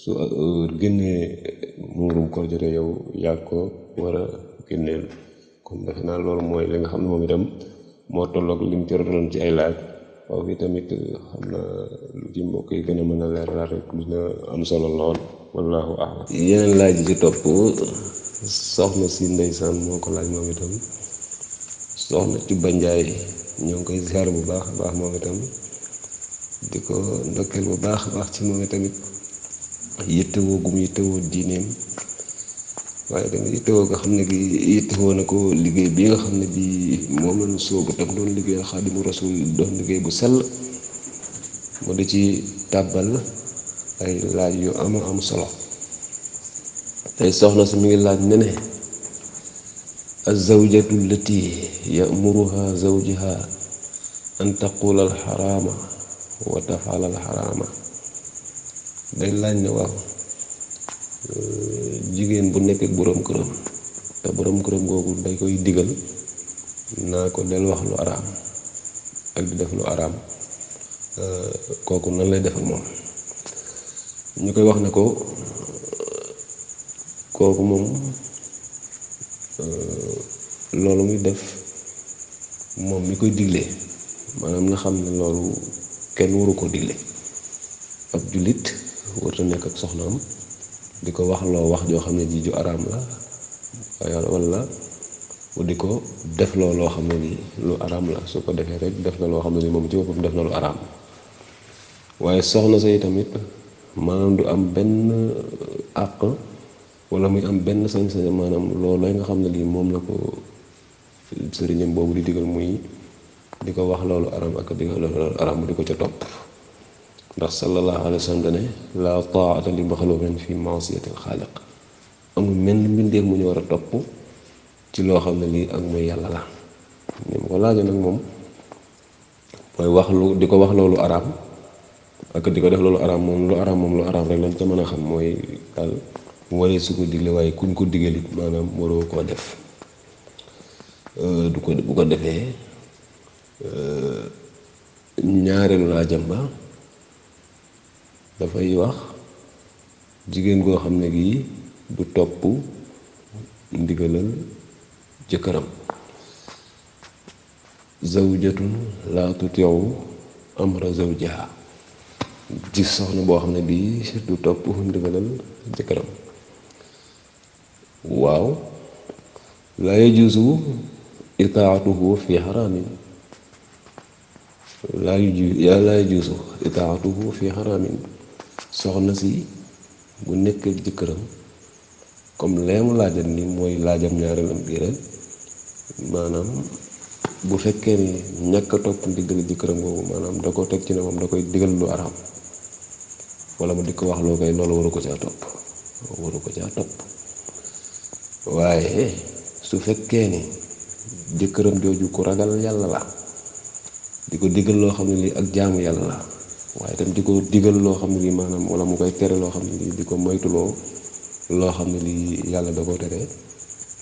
su euh, génnee muurum koor jotee yow yaa ko war a génneel kon defe naa loolu mooy li nga xam ne moom itam moo tolloog lim ci doon ci ay laaj waaw fi tamit euh, xam na lu ci mbokk yi gën a mën a leeralaat rek dina am solo lool wallaahu a'lam yeneen laaj ci topp soxna si ndeysaan moo ko laaj moom itam soxna Tibba Njaay ñoo ngi koy ziar bu baax a baax moom itam di ko ndokkeel bu baax a baax ci moom itamit yittewoo gum yittewoo diineem waaye tamit yittewoo nga xam ne gi yittewoo na ko liggéey bi nga xam ne bii moom lañu soobu tam doon liggéey xaadimu rasul doon liggéey bu sell mu di ci tàbbal ay laaj yu ama am solo tey soxna su mi ngi laaj ne ne azawjatu lati yamuruha zawjiha an taqula alxaraama wa tafaala alxaraama day laaj ne waaw eh, jigéen bu nekk ak boroom këram te boroom këram kooku day koy digal naa ko del wax lu araam ak di def lu araam eh, kooku nan lay def moom ñu koy wax ne ko kooku moom euh, loolu muy def moom mi koy digle maanaam na xam ne loolu kenn waru ko digle ab jullit warta nekk ak soxnaam di ko wax loo wax joo xam ne ji ju araam la walla mu di ko def loo loo xam ne nii lu araam la su ko defee rek def na loo xam ne ni moom ci boppam def na lu araam waaye soxna say tamit maanaam du am benn àq wala muy am benn sañ-sañ maanaam loolooy nga xam ne lii moom la ko sëriñam boobu di digal muy di ko wax loolu araam ak di ko di ko ca topp ndax sallallahu alayhi wa sallam dane fi ma'siyatil xaaliq amul menn mu ñu war a topp ci loo xam ne lii ak ko laajo nag moom mooy wax lu di ko wax loolu araam di ko def loolu araam moom lu araam moom lu araam rek lañ ca mën a xam mooy daal waree su ko digle waaye kuñ ko digalit maanaam waroo koo def euh, du ko ko defee euh, ñaareelu laajam ba dafay wax jigéen goo xam ne gii du topp ndigalal jëkkëram zawjatun laa yow amra zawjiha gis soxna boo xam ne bii du topp ndigalal jëkkëram waaw laa yajuusu itaatuhu fi xaraamin laa yajuusu itaatuhu fi xaraamin soxna si bu nekk ak jëkkëram comme lee mu laajam ni mooy laajam ñaareelam bii rek maanaam bu fekkee ni ñàkk a topp ndigal jëkkëram boobu maanaam da ko teg ci ne moom da koy digal lu araam wala mu di ko wax loo koy loolu waru ko caa topp waru ko caa topp waaye su fekkee ni jëkkëram jooju ku ragal yàlla la di ko digal loo xam ne lii ak jaamu yàlla la waaye tam di ko digal loo xam ne lii maanaam wala mu koy tere loo xam ne lii di ko moytuloo loo xam ne lii yàlla da ko tere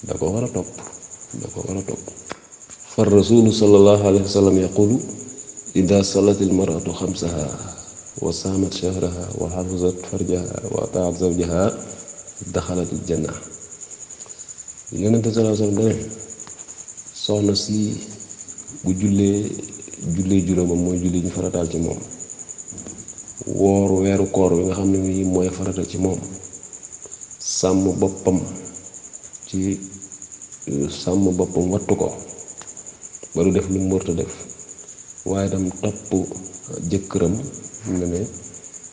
da ko war a topp da ko war a topp fa rasulu sallallahu alayhi wa sallam yaqulu ida salat almaratu xamsaha wa saamat shahraha wa xafasat farjaha wa ataat zawjaha daxalat yonente sallallahu alayhi wasallam soxna si bu jullee jullee juróomam mooy julli ñu farataal ci moom woor weeru koor wi nga xam ne nii mooy farata ci moom sàmm boppam ci sàmm boppam wattu ko ba du def lu mu def waaye tam topp jëkkëram ne ne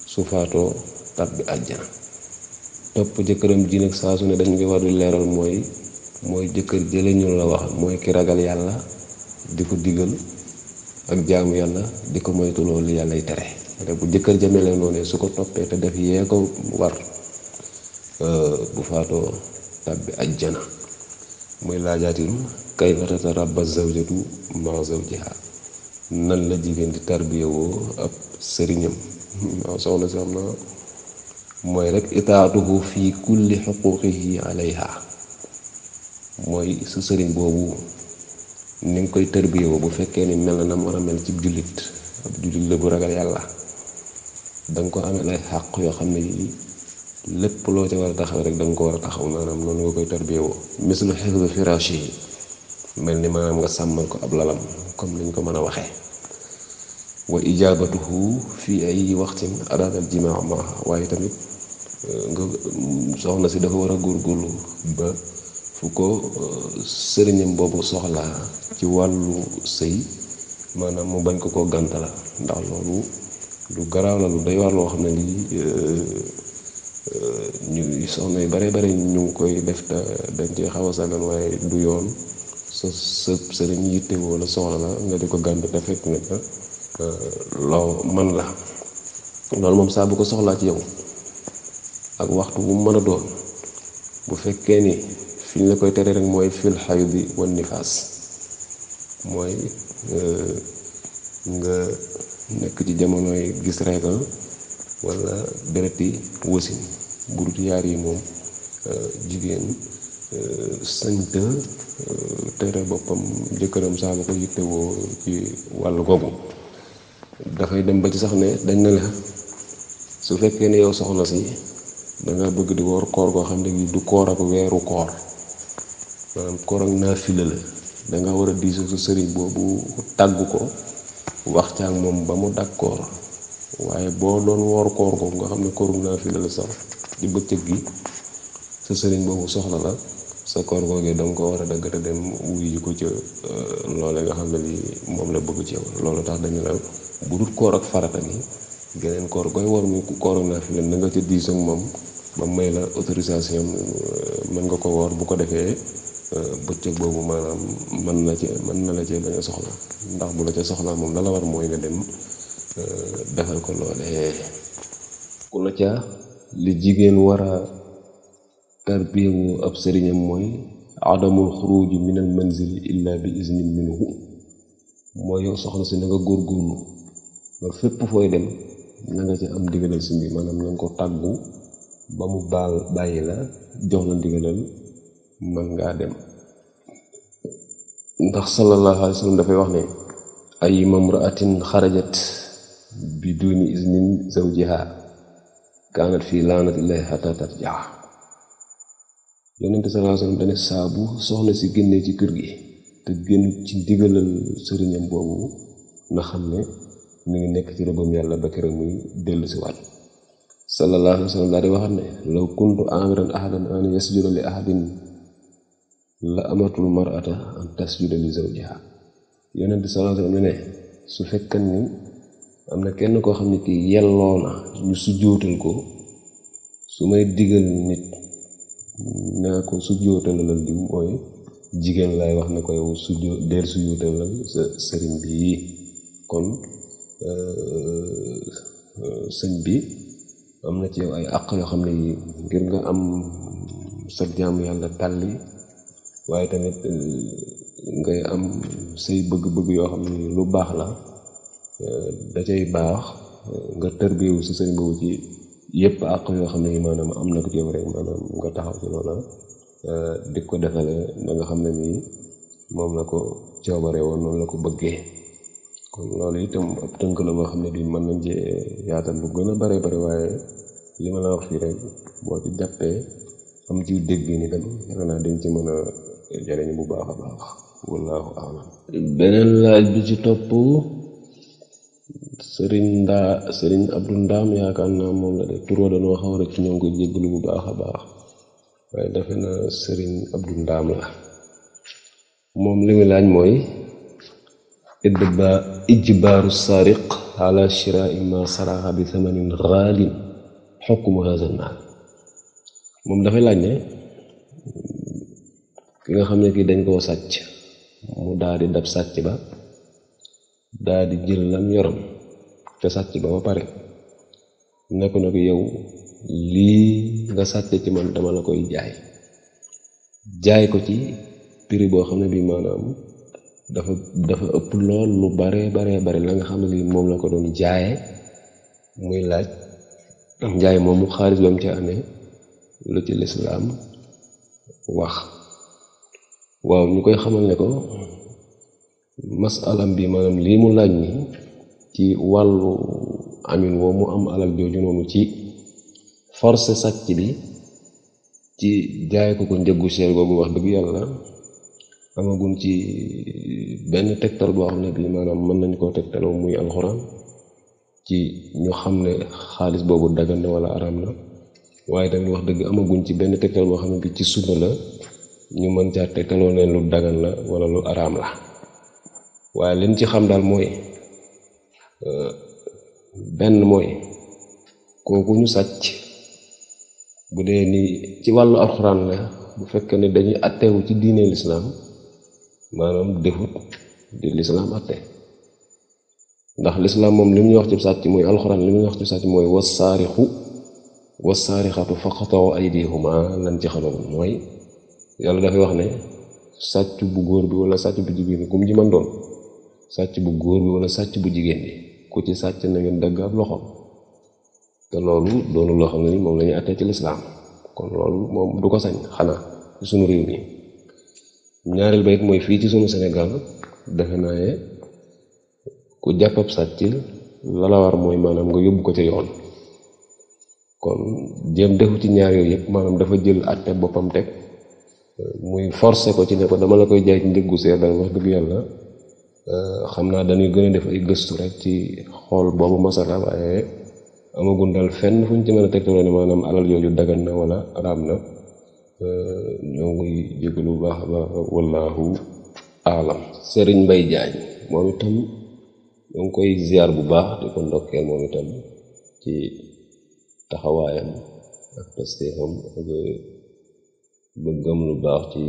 su faatoo tàbbi àjjana topp jëkkëram ji nag saa su ne dañ koy war di leeral mooy mooy jëkkër jële ñu la wax mooy kii ragal yàlla di ko digal ak jaamu yàlla di ko moytu loolu yàllay tere bu jëkkër ja leen noonu su ko toppee te def yee ko war euh, bu faatoo tàbbi ajjana mooy laajaatim kayfa tatarabba zawjatu ma zawjiha nan la jigéen di tarbiyewoo ab sëriñam waaw soxna si xam na mooy rek itaatuhu fi kulli xuquqihi alayha mooy su sëriñ boobu ni nga koy tërbiyewoo bu fekkee ni mel na na mu war a mel ci jullit ab jullit la bu ragal yàlla danga ko amee ay xàq yoo xam ne lépp loo ca war a taxaw rek danga ko war a taxaw maanaam noonu nga koy tërbiyewoo mislu xifdu firaashi mel ni maanaam nga sàmmal ko ab lalam comme niñ ko mën a waxee wa ijaabatuhu fii ay waxtin adaadal jimaa ma waaye tamit euh, nga soxna si dafa war a góorgóorlu ba fu ko euh, sëriñam boobu soxlaa ci wàllu sëy maanaam mu bañ ko ko la ndax loolu lu garaaw la lu day war loo xam ne lii euh, euh, ñu soxna yu bare bare ñu ngi koy def te dañ ci xaw a sagan waaye du yoon sa sa sëriñ yitte wala soxla la nga di ko gànt te fekk ne ka loo man la loolu moom saa bu ko soxlaa ci yow ak waxtu bu mu mën a doon bu fekkee ni fi ñu la koy tere rek mooy fil xaydi wan faas mooy euh, nga nekk ci jamonoy gis reegal wala dereti wasin burut yaar yi moom euh, jigéen euh, sañta tere boppam jëkkëram saa ba ko yittewoo ci wàll googu dafay dem ba ci sax ne dañ ne la su fekkee ne yow soxna si danga bëgg di wor koor goo xam ne du koor weeru koor maanaam koor ak naafila la da nga war a diisoo sa sëriñ boobu tàgg ko wax ca moom ba mu d'accord waaye boo doon woor koor ko nga xam ne kooru naafila la sax di bëccëg gi sa sëriñ boobu soxla la sa koor googee danga ko war dagg dem wuyu ji ko euh, loole nga xam ne lii moom la bëgg ci yow loolu tax dañu la bu dul koor ak farata gi geneen koor koy war mu koor ak naafila na nga ca diisoo ak moom ba may la autorisation euh, mën nga ko woor bu ko defee Euh, bëccëg boobu maanaam na cee mën na la cee bañ a soxla ndax bu la ca soxlaa moom la la war mooy nga dem euh, defal ko loolee ku la ca li jigéen war a tarbiyewu ab sëriñam mooy adamul xuruji min al manzil illa bi isnin minhu mooy yow soxna si na nga góorgóorlu ba fépp fooy dem na ci am ndigalal si bi maanaam ko tàggu ba mu baal bàyyi la jox la ndigalal mën ngaa dem ndax sallallahu alayhi wa dafay wax ne ay mamraatin xarajat bi duni iznin zawjiha kaanat fii laanatillahi xataa tarjaa yonente sallallahu alayhi wa sallam dane saa bu soxna si kër gi te génn ci ndigalal sëriñam boobu na xam ne mi ngi nekk ci rëbbam yàlla ba keroog muy dellu si waat sallallahu alayhi wa sallam daal di waxat ne law kuntu amiran ahadan an yasjuda li ahadin la amatul mar'ata an tasjuda li zawjiha yonent sallallahu alayhi wasallam ne su fekkan ni am na kenn koo xam ne kii yelloo na ñu sujjóotal ko su may digal nit naa ko sujjóotalalal di mooy jigéen laay wax ne ko yow sujjóot del sujjóotalal sa sëriñ bi kon euh, euh, sëñ bi am na ci yow ay àq yoo xam ne yi ngir nga am sa jaamu yàlla tàlli waaye tamit euh, ngay am say bëgg-bëgg yoo xam ne lu baax la euh, da cay baax euh, nga tërbiwu si sëñ boobu ci yépp àq yoo xam ne yi maanaam am na ko ci yow rek maanaam nga taxaw ci ko defale na nga xam ne nii moom la ko coobare woon la ko bëggee kon loolu itam ab tënk la boo xam ne bii mën nañ ci yaatal bu gën a bare bare waaye li ma la wax fii rek boo ci jàppee am ci déggee ni tam defe naa dañ ci mën a jariñu bu baax a baax wallaahu aalam beneen laaj bi ci topp sëriñ ndaa sëriñ Abdou Ndaam yaakaar naa moom la de turoo dañoo xaw bu baax a baax waaye defe moom li muy laaj mooy idba ijbaaru saariq ala shiraai ma saraxa bi thamanin xaalin xokkumu moom dafay laaj ne ki nga xam ne kii dañ koo sàcc mu daal di dab sàcc ba daal di jël lam yorom te sàcc ba ba pare nekk na ko yow lii nga sàcc ci man dama la koy jaay jaay ko ci piri boo xam ne bii maanaam dafa dafa ëpp lool lu bare bare bare la nga xam ne lii moom la ko doon jaaye muy laaj am njaay moomu xaalis ba mu ca amee lu ci lislaam wax waaw ñu koy xamal ne ko masalam bi maanaam lii mu laaj ni ci wàllu amin woo mu am alal jooju noonu ci forse sàcc bi ci jaay ko ko njëggu cher googu wax dëgg yàlla amagun ci benn tegtal boo xam ne bii maanaam mën nañu koo tegtaloo muy alxuraan ci ñu xam ne xaalis boobu daggande na wala araam na waaye tamit wax dëgg amaguñ ci benn tegtal boo xam ne bi ci sunna la ñu mën caa tegtaloo ne lu dagan la wala lu araam la waaye leen ci xam daal mooy euh, benn mooy kooku ñu sàcc bu dee ni ci wàllu alxuraan la bu fekkee ne dañuy attewu ci diine lislaam maanaam defut di lislaam atte ndax lislaam moom li mu ñuy wax ci sàcc mooy alxuraan li mu ñuy wax ci sàcc mooy wasaarixu xatu wasaarixatu faqataw aydihumaa lañ ci xamal mooy yàlla dafay wax ne sàcc bu góor bi wala sàcc bu jigéen bi kum ji sàcc bu góor wala sàcc bu jigéen ku ci sàcc na ngeen dagg ab loxoom te loolu doonu loo xam ne ni moom la àttee ci lislaam kon loolu moom du ko sañ xanaa ci sunu réew mi ñaareel ba mooy fii ci sunu senegal defe naa ne ku jàpp ab sàcc la la war mooy maanaam nga yóbbu ko ca yoon kon jéem defu ci ñaar yooyu yëpp maanaam dafa jël atte boppam teg muy forcé ko ci ne ko dama la koy jaay ci njëggu seer danga wax dëgg yàlla euh, xam naa dañuy gën a def ay gëstu rek ci xool boobu masalaa waaye amagun daal fenn fu ñu ci mën a tegtale ne maanaam alal yooyu dagan na wala araam na euh, ñoo ngi bu baax a baax wallaahu aalam sëriñ bay jaañ moom itam ñoo ngi koy ziar bu baax di ko ndokkeel moom itam ci taxawaayam ak pasteefam ak bëggam lu baax ci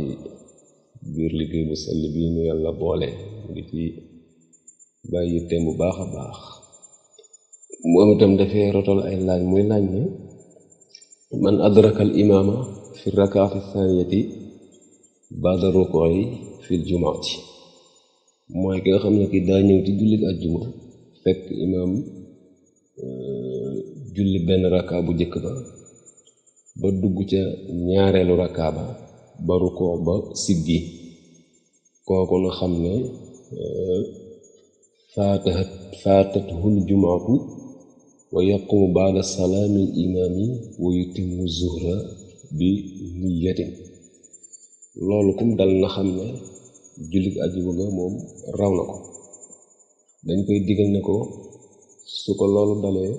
biir liggéey bu sell bii ñu yàlla boole di ci bàyyi yitteem bu baax a baax moom itam dafay rotal ay laaj muy laaj ne man adraka al imaama fi rakaati thaniyati baada ruku'i fi jumaati mooy ki nga xam ne ki daa ñëw ci jullit ak juma fekk imaam julli benn rakka bu njëkk ba ba dugg ca ñaareelu rakka ba ba rukkoo ba siggi kooku na xam ne euh, faatahat faatathul jumaatu wa yaqumu baada salaamil imaami wa yutimmu zuhra bi niyatin loolu kum dal na xam ne jullit ajuba ga moom raw na ko dañ koy digal ne ko su ko loolu dalee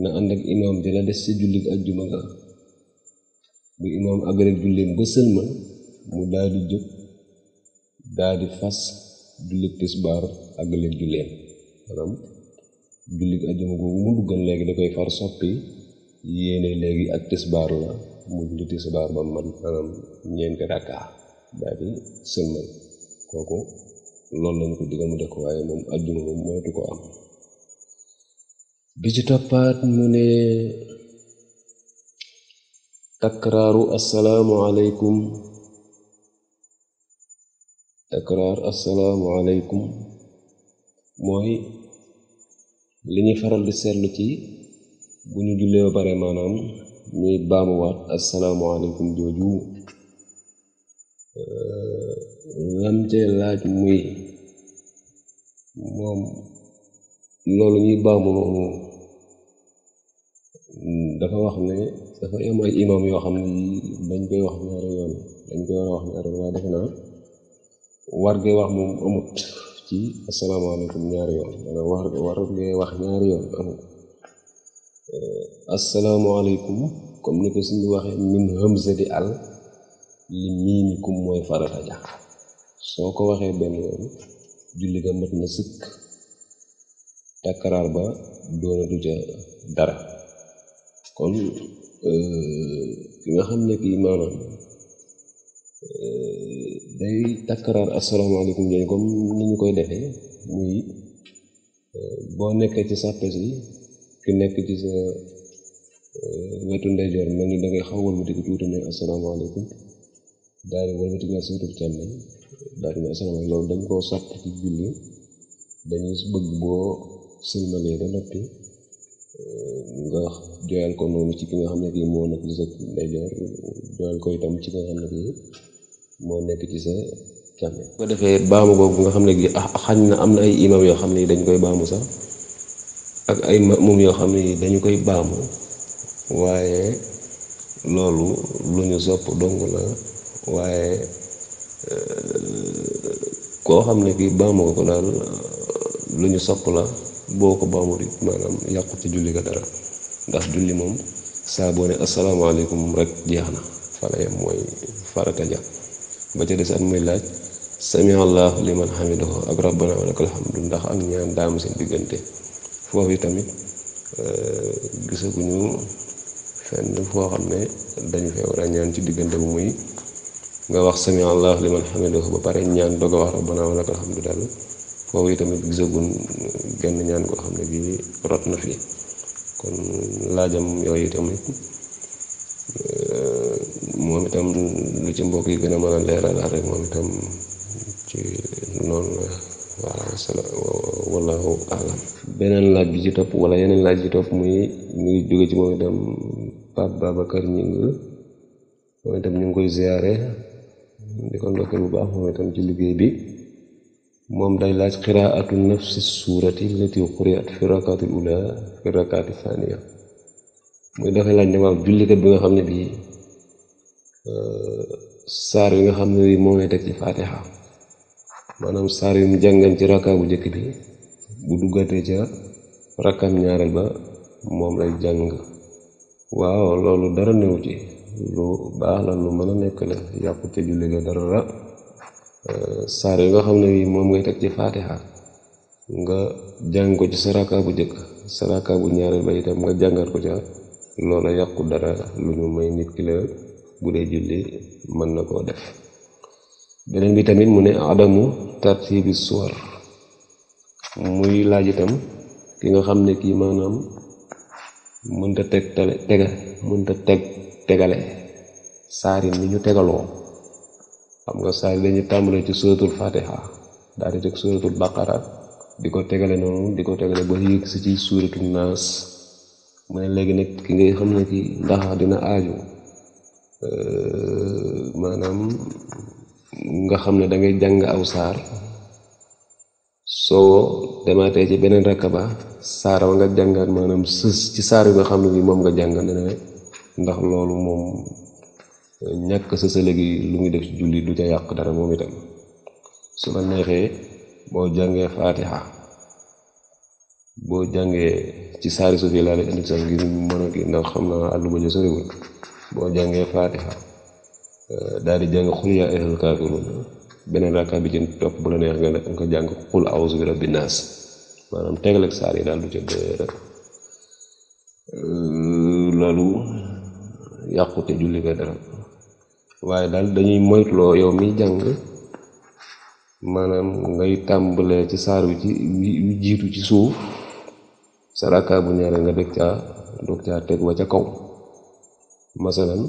na ànd ak imaam di la des sa jullit ajjuma nga bu imaam agale julleem ba sëlmal mu daal di jóg daal di fas jullit tisbaar agale julleem maanaam jullit ajjuma googu mu duggan léegi da koy far soppi yéene léegi ak tisbaar la mu julli tisbaar ba man maanaam ñeenti rakkaa daal di sëlmal kooku loolu lañu ko digga mu def ko waaye moom ajjuma moom moytu ko am bi ci toppaat mu ne takraaru assalaamu aleykum takraar assalaamu aleykum mooy li ñuy faral di seetlu ci bu ñu jullee ba pare maanaam ñuy baamuwaat assalaamu aleykum jooju lam euh, laaj muy moom loolu ñuy baamu dafa wax ne dafa am ay imaam yoo xam ne dañ koy wax ñaari yoon dañ koy wax ñaari yoon defe naa war wax moom amut ci asalaamaaleykum ñaari yoon maanaam wax ñaari yoon amut asalaamaaleykum comme ni ko suñu waxee min hamzati al li miimikum mooy farata ja soo ko waxee benn yoon julli ga mat na sëkk takkaraar ba doona du ca dara kon euh, nga xam ne kii maanaam euh, day takkaraar asalaamaaleykum jooju comme ni ñu koy defee muy euh, boo nekkee ci sàppe si ki nekk ci sa wetu ndeyjoor mel ni da xaw walbati ko tuuti ne asalaamaaleykum daal di walbati nga sa wetu càmmoñ daal di ne asalaamaaleykum dañ koo sàpp ci julli dañuy bëgg boo silmalee ba nga jooyal ko noonu ci ki nga xam ne kii moo nekk ci sa ndeyjoor jooyal ko itam ci ki nga xam ne kii moo nekk ci sa càmmoñ bu ko defee baamu googu nga xam ne gi ah, xañ na am na ay imam yoo xam ne dañ koy baamu sax ak ay yoo xam ne dañu koy baamu waaye loolu lu ñu sopp dong la waaye eh, koo xam ne kii baamu ko daal lu ñu sopp la boo ko baamu it maanaam yàqu ci julli ga dara ndax julli moom saa boo ne asalaamaaleykum rek jeex na fala yam mooy farata ja ba ca des ak muy laaj sami allahu liman xamidahu ak rabbana wa lakal hamdu ndax ak ñaan daam seen diggante foofu yi tamit euh, gisaguñu fenn foo xam ne dañu fee war a ñaan ci diggante bu muy nga wax sami allahu liman xamidahu ba pare ñaan doog a wax rabbana wa lakal hamdu foofu yi tamit gisagun genn ñaan ko xam ne bii rot na fi kon laajam yooyu tamit euh, moom itam lu ci mbokk yi gën a mën a leeralaat rek moom itam ci noonu la waaw sala wallahu alam beneen laaj bi ci topp wala yeneen laaj bi ci topp muy mu ngi jóge ci moom itam Pape Babacar Ñing moom itam ñu ngi koy ziyaare di ko ndokkeel bu baax moom itam ci liggéey bi moom day laaj qiraatu nafsi suurati lati quriat fi rakaati ula fi rakaati thaniya muy dafay laaj ne waaw jullikat bi nga xam ne bii euh, saar yi nga xam ne bii moom ngay teg ci faatiha maanaam saar yu mu jàngan ci rakkaa bu njëkk bi bu duggatee ca rakkam ñaareel ba moom lay jàng waaw loolu dara néew ci lu baax la lu mën a nekk la yàqu ca julli ga dara saar yi nga xam ne bii moom ngay teg ci faatiha nga jàng ko ci saraka bu njëkk saraka bu ñaareel ba itam nga jàngat ko ca loola yàqu dara lu ñu may nit ki la bu dee julli mën na koo def beneen bi tamit mu ne adamu tartibi suwar muy laaj itam ki nga xam ne kii maanaam mënta teg teg tegale saari ni ñu tegaloo xam nga saar dañuy tàmbale ci suratul fatiha daal di teg suratul baqara di ko tegale noonu di ko tegale ba yëg si ci suratul naas mu ne léegi nag ki ngay xam ne ki ndax dina aaju euh, maanaam nga xam ne da jàng aw saar soo demaatee ci beneen rakk ba saar wa nga jàngaat maanaam sës ci saar yi nga xam ne nii moom nga jàng ne ndax loolu moom ñàkk sësale gi lu muy def ci julli du ca yàq dara moom itam su la neexee boo jàngee faatiha boo jàngee ci saari suuf yi xam naa àll ba ja soriwul boo jàngee faatiha euh, daal di jàng xul yaa ayyuhal kaafiruun beneen rakka bi ci topp bu la neex nga nga jàng xul awuzu bi rabbi naas maanaam tegal saar yi daal du ca dara euh, loolu yàqute julli ba dara waaye daal dañuy moytuloo yow miy jàng maanaam ngay tàmbalee ci saar wi ci wi jiitu ci suuf sa rakka bu ñaare nga dëkk caa doog caa teg wa ca kaw masalan